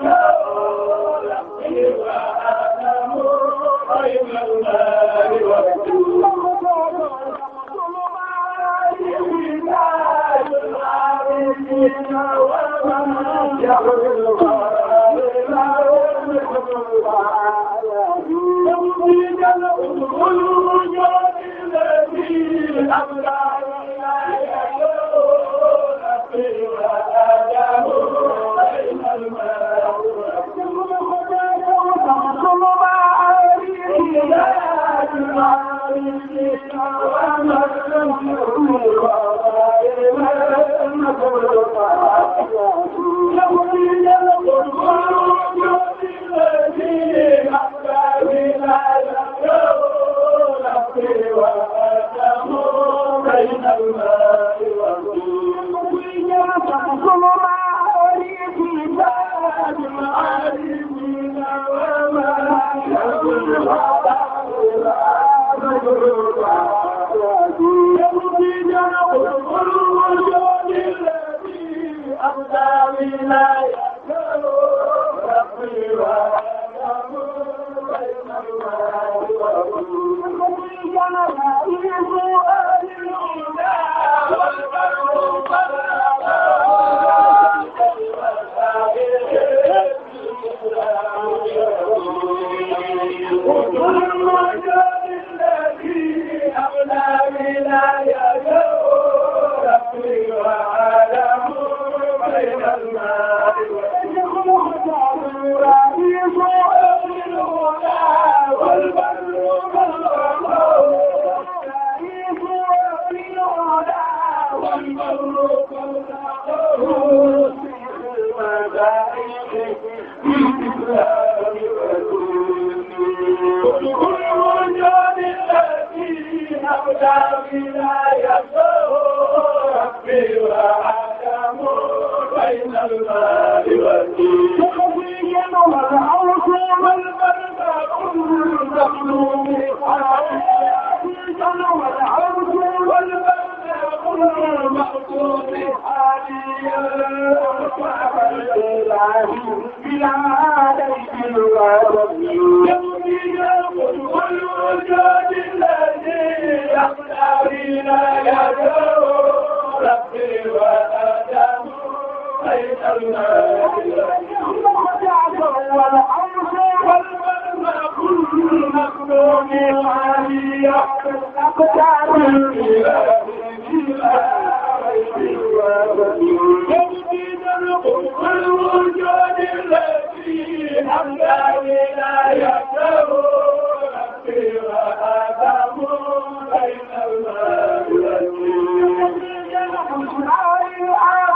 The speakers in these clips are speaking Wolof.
أنه نفسي وآدم خير الناس خير والعرش والمنى كل مخلوق عالية أقدار الإله يمدد القرب الوجود الذي حتى لا يكره Thank you.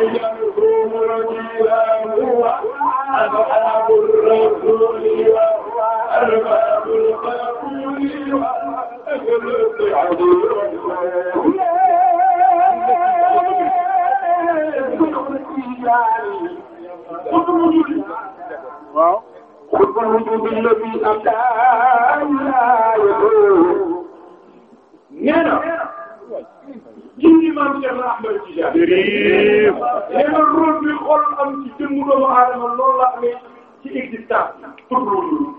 يجعله رجيلا هو أصحاب الرسول وهو أرباب القبول وأهل الطعام waaw xutbal wujub allati abdaa nee na jindi maam Cheikh na Ahmed Tidiane. jërëjëf. nee na rôle bi xol am ci jëmmu doomu aadama loolu la amee ci existence. pour loolu.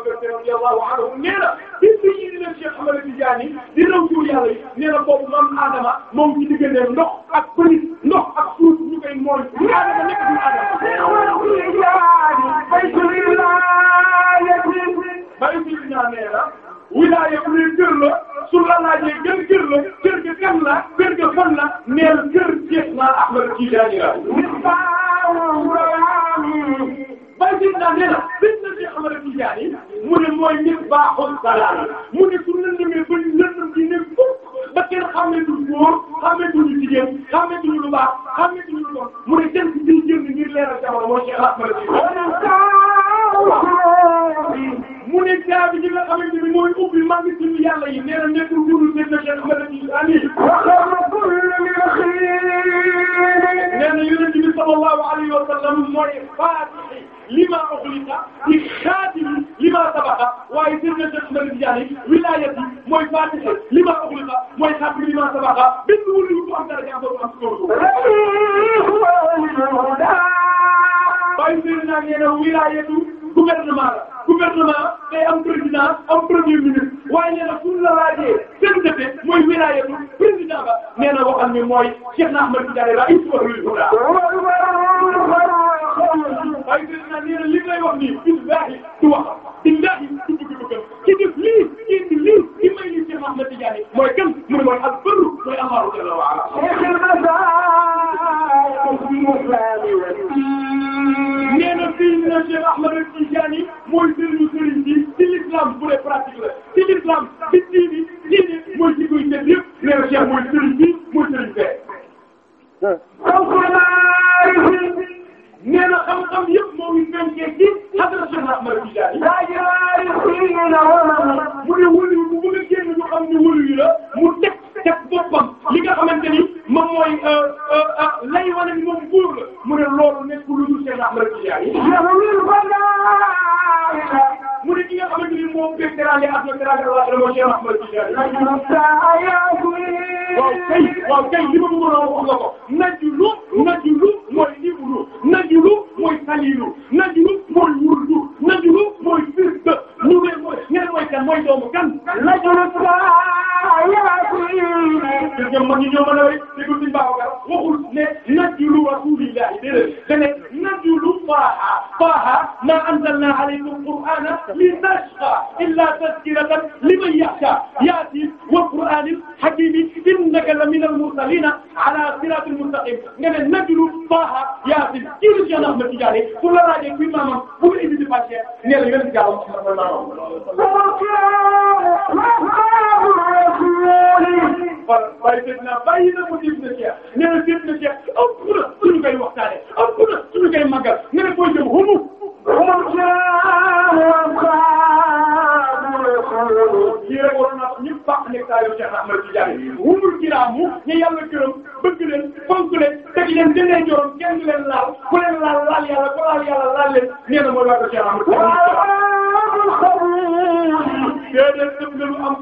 Ababacar radiyallahu anhu nee na bis bi ñuy di leen Cheikh Ahmed Tidiane di raw jur yàlla yi nee na boobu moom Adama moom ci diggante ndox ak pëlis ndox ak suuf ñu koy mooy ñu Adama nekk du Adama. wilaaya bu ne kër la su la laajee gën kër la kër ga kan la kër ga fan la neel kër Cheikh Ahmed Tidiane la sallallahu alayhi wa sallam mooy faatihi limaa ughliqa di xaatimi limaa sabaqa waaye seen na jot na leen jaani wilaayati mooy faatihi limaa ughliqa mooy xaatimi limaa sabaqa benn wul yu ko am dara jàpp am sóoru waaye seen naa nee na wilaayatu gouvernement la gouvernement day am président am premier ministre waaye nee na suñ la laajee seen defee mooy wilaayatu président ba nee na waxal mi mooy Cheikh Ahmed Tidiane la iswarul huda waaye président nee na li ngay wax nii billahi du wax billahi du bëgg lu gën ci def lii ci di lii ci may li Cheikh Ahmed Tidiane mooy gën mu ne mooy ak bëru mooy amaaru jalla wa ala Seydina Cheikh Ahmed Tidiane mooy sëriñu sëriñ bi ci l'islam bu dee pratique la ci l'islam ci diini diini mooy ci koy jënd yëpp nee na Cheikh mooy sëriñ bi bépp teraange ak na teraange la moo Cheikh Ahmed Tidiane. waaw kay waaw kay li ma bëggoon a wax nga ko najilu najilu mooy libru najilu mooy salilu najilu mooy wurdu najilu mooy firde ñu ne mooy ñeneen mooy kan mooy doomu kan. najilu saa yaa kuy. jërëjëf man ñu ñëw ma ne rek déglu suñu baaxoo waxul ne najilu rasulillahi déedéet da ne najilu faaha faaha ma anzalna alaykum qur'ana li تذكرة لمن يخشى يأتي والقرآن الحكيم إنك لمن المرسلين على صراط المستقيم nga ne najlu Taaha Yaasin jiitu Cheikh Ahmed Tidiane pour la laajee kuy maamam bu mu indi di fàcce ne la yéen jàll ma maamam. voilà waaye dégg naa bàyyi na ko dégg na Cheikh nee na dégg na Cheikh ëpp na suñu koy waxtaane ëpp na suñu koy màggal nga ne booy jëm xumu. rasul yéen waroon naa ko ñëpp baax nekk saa yu Cheikh Ahmed Tidiane wumul kiraamu ñu yàlla gërëm bëgg leen fonk leen teg leen dinañ jorom kenn du leen laal ku leen laal laal yàlla ku laal yàlla laal leen nee na mooy waa ko Cheikh Ahmed Tidiane. déedéet def nga lu am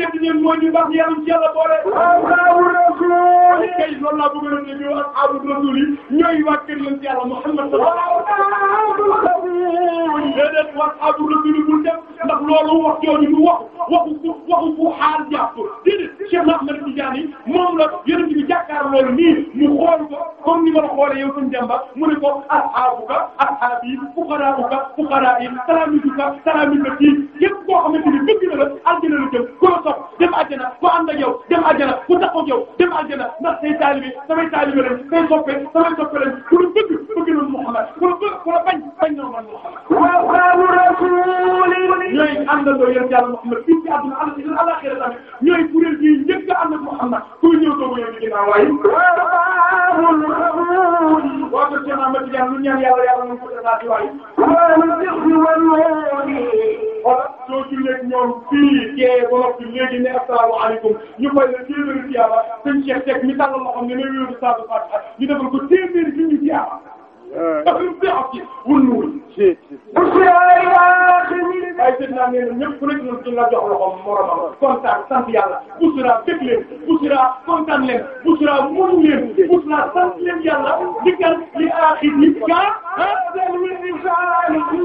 njëkk ñoom moo ñu baax yàlla ci yàlla boole. ashabu rasul. kay loolu laa bëggoon ne ñu ashabu rasul yi ñooy waa kër lañ ci yàlla Muhammad. waaw ashabu rasul. déedéet waa ashabu rasul yi bul dem ndax loolu wax jooju du wax waxu waxu bu xaar jàpp déedéet Cheikh Ahmed Tidiane moom la yéen a ngi jàkkaar loolu nii mu xool ko comme ni ma la xoolee yow suñu jàmba mu ne ko ashabuka ashabi fuqarauka fuqarai salamiduka salamidati yépp koo xamante ni bëgg na la aljana la jëm fas dem àjjana ku ànd ak yow dem àjjana ku taxaw ak yow dem àjjana ndax say taalibe samay taalibe lañ say soppe samay soppe lañ ku la bëgg bëgg na Muhammad ku la bëgg ku la bañ bañ na Muhammad waaw rasul ñooy àndandoo yéen yàlla Muhammad fii ci àdduna ànd ci àllaxira tamit ñooy kuréel bi njëkk a ànd ak Muhammad ku ñëw doogu yow di ginnaaw waaye waaw ko jëmaa ma ci ñaan lu ñaan yàlla yàlla mu ko defal waaye woon fii teeye ba noppi léegi ne asalaamaaleykum ñu fay la téeméeri tiyaaba sëñ Cheikh Seck mi tàllal loxoom ne ne wéeru Sadou Fatou ñu defal ko téeméeri junni tiyaaba. dafa lu baax ci wul nu wul. waaye sëñ naa nee na ñëpp ku nekk noonu la jox loxoom moromam kontaan sant yàlla Bousra dégg leen Bousra kontaan leen Bousra muñ leen Bousra sant leen yàlla li kan li aaxir yi ah. mu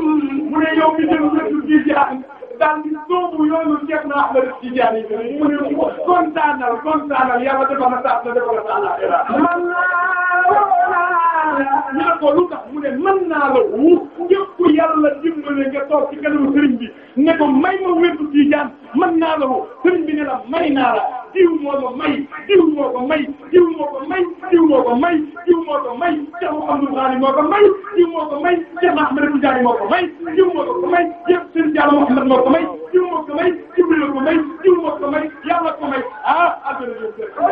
ne yow mi dem lépp di jaaxle. daal di sóobu yoonu Cheikh na Ahmed Tidiane yi mu ne kontaanal kontaanal yàlla defal na sax na defal na sax na ñu ne ko lu tax mu ne mën naa la wu ñëpp yàlla dimbale nga toog ci kanamu sëriñ bi ne ko may ma wérdu tiijaan mën naa la wu sëriñ bi ne la may naa la diw moo ko may diw moo ko may diw moo ko may diw moo ko may diw moo ko may Cheikh Abdou Khani moo ko may diw moo ko may Cheikh Ahmed Tidiane moo ko may diw moo ko may Cheikh Sëriñ Diallo Mouhamed moo ko may diw moo ko may Jibril ko may diw moo ko may may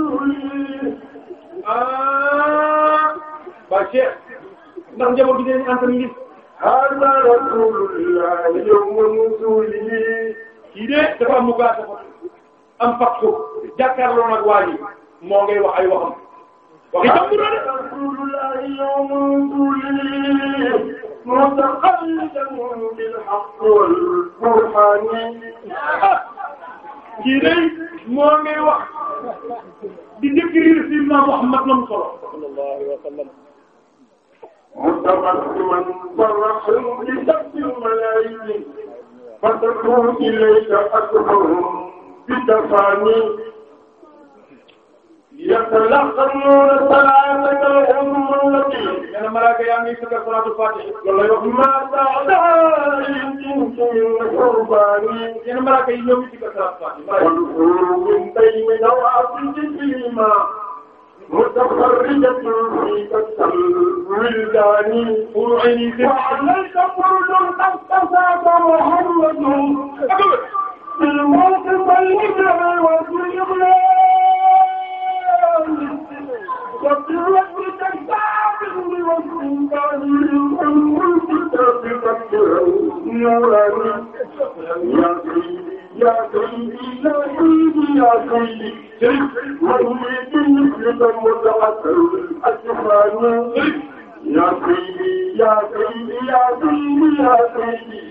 ah waa Cheikh ndax njaboot gi dinañ ànd tamit. hada rasulullah yawma nuzulihi. kii de dafa am mukaatafa am fakku jàkkaarloo nag waa ji moo ngay wax ay waxam. waxi jàmbur la de. hada rasulullah yawma nuzulihi mutaqallidan ah, bil haqqi wal burhani. kii de moo ngay wax. di décrire Seydina Muhammad nam solo sallallahu alayhi wa sallam متقدما والرسول بسبب الملايين فتكون إليك أكبرهم بتفاني يتلقنون صلاتك الأم التي na malaaka yaa ngi sëkkal salaatul faatihi loolu la wax nee na malaaka yi ñoo ngi sëkkal salaatul faatihi متفرجة في الولدان فعلي وعليك فرد قد تفاق محمد في الموقف المجرم يراني يا سيدي يا سيدي يا سيدي يا سيدي وهيدي مثل المتعثر الجفاني يا سيدي يا سيدي يا سيدي يا سيدي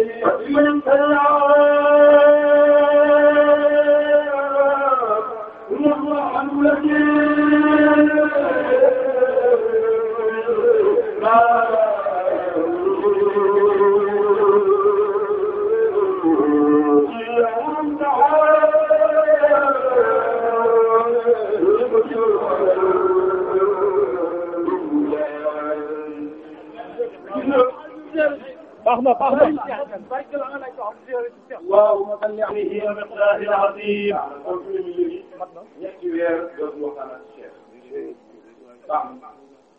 baax na baax na. waaw. ñetti weer dootul waxtaan ak Cheikh. baax na.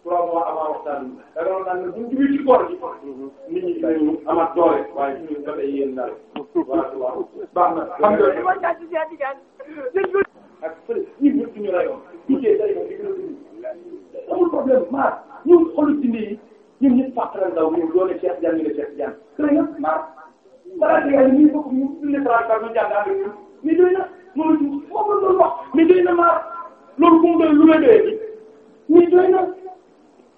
trois mois avant waxtaan bi. da nga waxtaan ne bu ñu jublu ci koor gi. nit ñi dañu amaat doole. waaye ñu ngi dafay yéen daal. waaw baax na. xam nga. ak fële ñun ñëpp ñu rayoon. amul problème maa ñun xoolu ci nii. ñun ñëpp fàttalal ndaw ñëw doole Cheikh Diagne ñu ne Cheikh Diagne kër yëpp maa balaa nga ñu bokk ñu ñu ne Fara Fara ñu jàngaa ñu mais doy na loolu ci foofu loolu wax mais doy na maa loolu ku mu doy lu may doyee bi mais doy na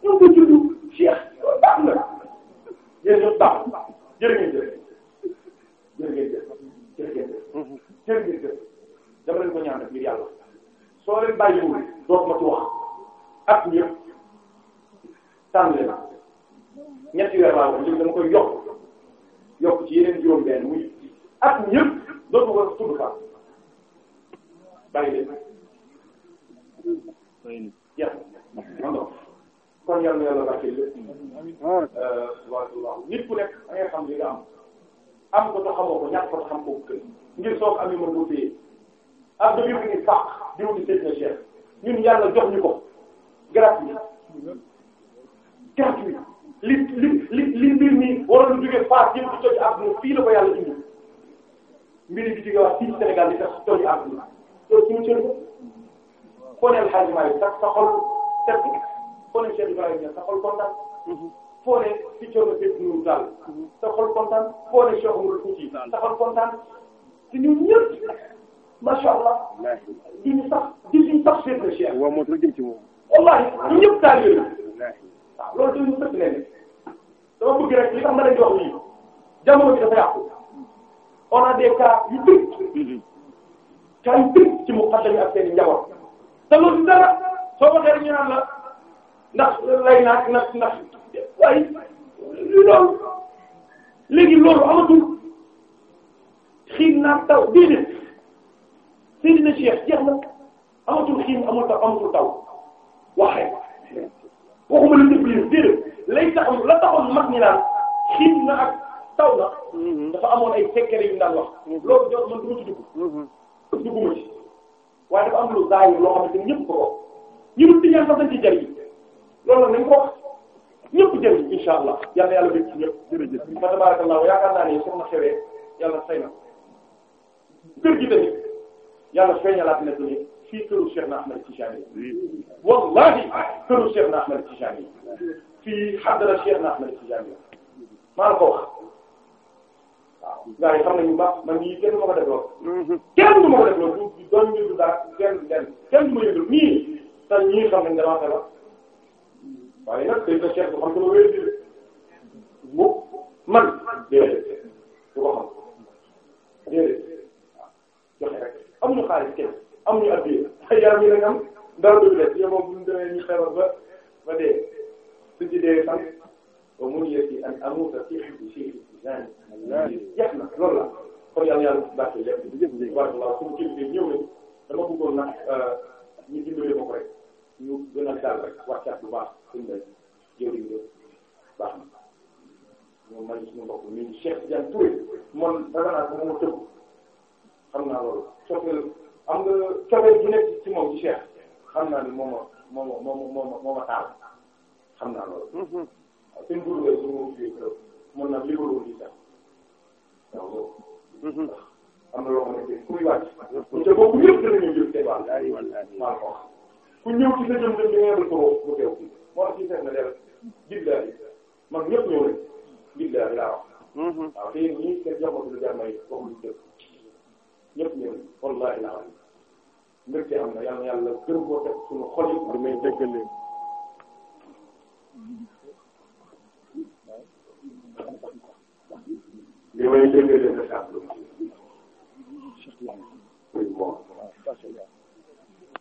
ñoo ko juddu Cheikh loolu baax na jërëjëf baax jërëjëf jërëjëf jërëjëf jërëjëf dama leen ko ñaanal ngir yàlla soo leen bàyyiwul dootuma ci wax ak ñëpp tànn leen ñetti weer laa ko jëm dama koy yokk yokk ci yeneen juróom-benn muy at ñëpp dootu ko tudd fa bàyyi leen. jeex na non kon yal na yàlla barkeel lépp. Euh, waaw nit ku nekk da ngay xam li nga am am ko te xamoo ko ñàkk ko te xam ko kër ngir soog am yi mën koo téye am na yëngu ni fàq di wuti seen na cher ñun yàlla jox ñu ko gratuit gratuit. li li li li mbir mi waroon na jógee Fass yëpp di toj àdduna fii la ko yàlla indi mbir yi di jógee wax fii ci Sénégal di tax toj àdduna loolu suñu cër foo neel xaaj maa yi sax sa xol set foo neel Cheikh Ibrahima Niass sa xol kontaan. Mhm. foo ne si coono bépp ñu daal sa xol kontaan foo ne Cheikh Oumar Fouti sa xol kontaan si ñun ñëpp macha allah di ñu sax di ñu sax Cheikh. waaw moo tax jëm ci moom. wallaahi ñëpp daal yooyu waaw loolu dañu sëkk leen dama bëgg rek li tax ma leen di wax nii jamono bi dafa yàqu on a des cas yu bëri cas yu bëri ci muqaddam ak seen i njaboot te loolu dara soo ko xeelee ñu naan la ndax lay naag ndax ndax waaye loolu léegi loolu amatul xiin naag taw déedéet Seydina Cheikh jeex na amatul xiin amul taw amatul taw waxee waxuma lu dëgg yéen déedéet. lay taxaw la taxaw mag ñi na ak taw na. Mhm. dafa amoon ay secret yu ñu daan wax. Mhm. loolu jot man du ma ci dugg. Mhm. dugguma ci waaye am lu zaahir loo xamante ni ñëpp ko ko ñu dul tijaan sax dañ ci jariñ loolu nag nañ ko wax ñëpp jariñ insha allah yal na yàlla béy ci ñëpp. jërëjëf fa tabarakallah yaakaar naa ne soxna xewee yàlla fay na. kër gi tamit yàlla feeñalaat na ci fii këru Cheikh na Ahmed Tijani wallahi këru Cheikh na Ahmed Tijani fii xadara Cheikh na Ahmed Tijani maa ngi ko wax waaw gars yi xam nañu baax man nii kenn du ma ko def lool mhm. kenn du ma ko def lool du doon yëngu daal kenn kenn kenn du ma yëngu nii te ñii xam nañ damaa xelal waaye nag tey Cheikh bu xam dama wéy di bu man déedéet du ko xam déedéet waaw joxe rek amuñu xaalis kenn amuñu addiya yaram yi nag am dara du def yow moom bu ñu demee ñu xew ba ba dee su ci dee fan ba mu yëg ci an amuta ci xib ci jaani jeex na loolu la kon yàlla yàlla baaxee lépp walla suñu kii bi ñëw nañ dama bëggoon nag euh, ñu dimbali ma ko rek ñu gën a dal rek waxtaan bu baax suñu day jëriñ la baax na moom man suñu mbokk mi Cheikh Diagne Touré man dama naa ko moom a tëb xam naa loolu am nga cofeel bu nekk ci moom ci Cheikh xam naa ni moom moo moo moo moo moo ma taal xam naa loolu. Mhm. waaw seen dugub la su ma wut fii mën naa lii wala lii sax mhm. am na loo xamante ni kuy wàcc. te boobu yëpp danañu jël te waaw daa yëngu waaw waaw. ku ñëw ci sa jëm-jëm di nga ko bu teew moo tax ci seet na leer billahi mag ñëpp ñëw rek billahi laa wax. Mhm. waaw te yéen ñii seen jamono bi jar may wax lu jëm. ñëpp ñëw wallahi la am mbir ci am na yàlla yàlla gën koo teg suñu xol yi di may déggalee di may déggalee na sàpp lu muy moom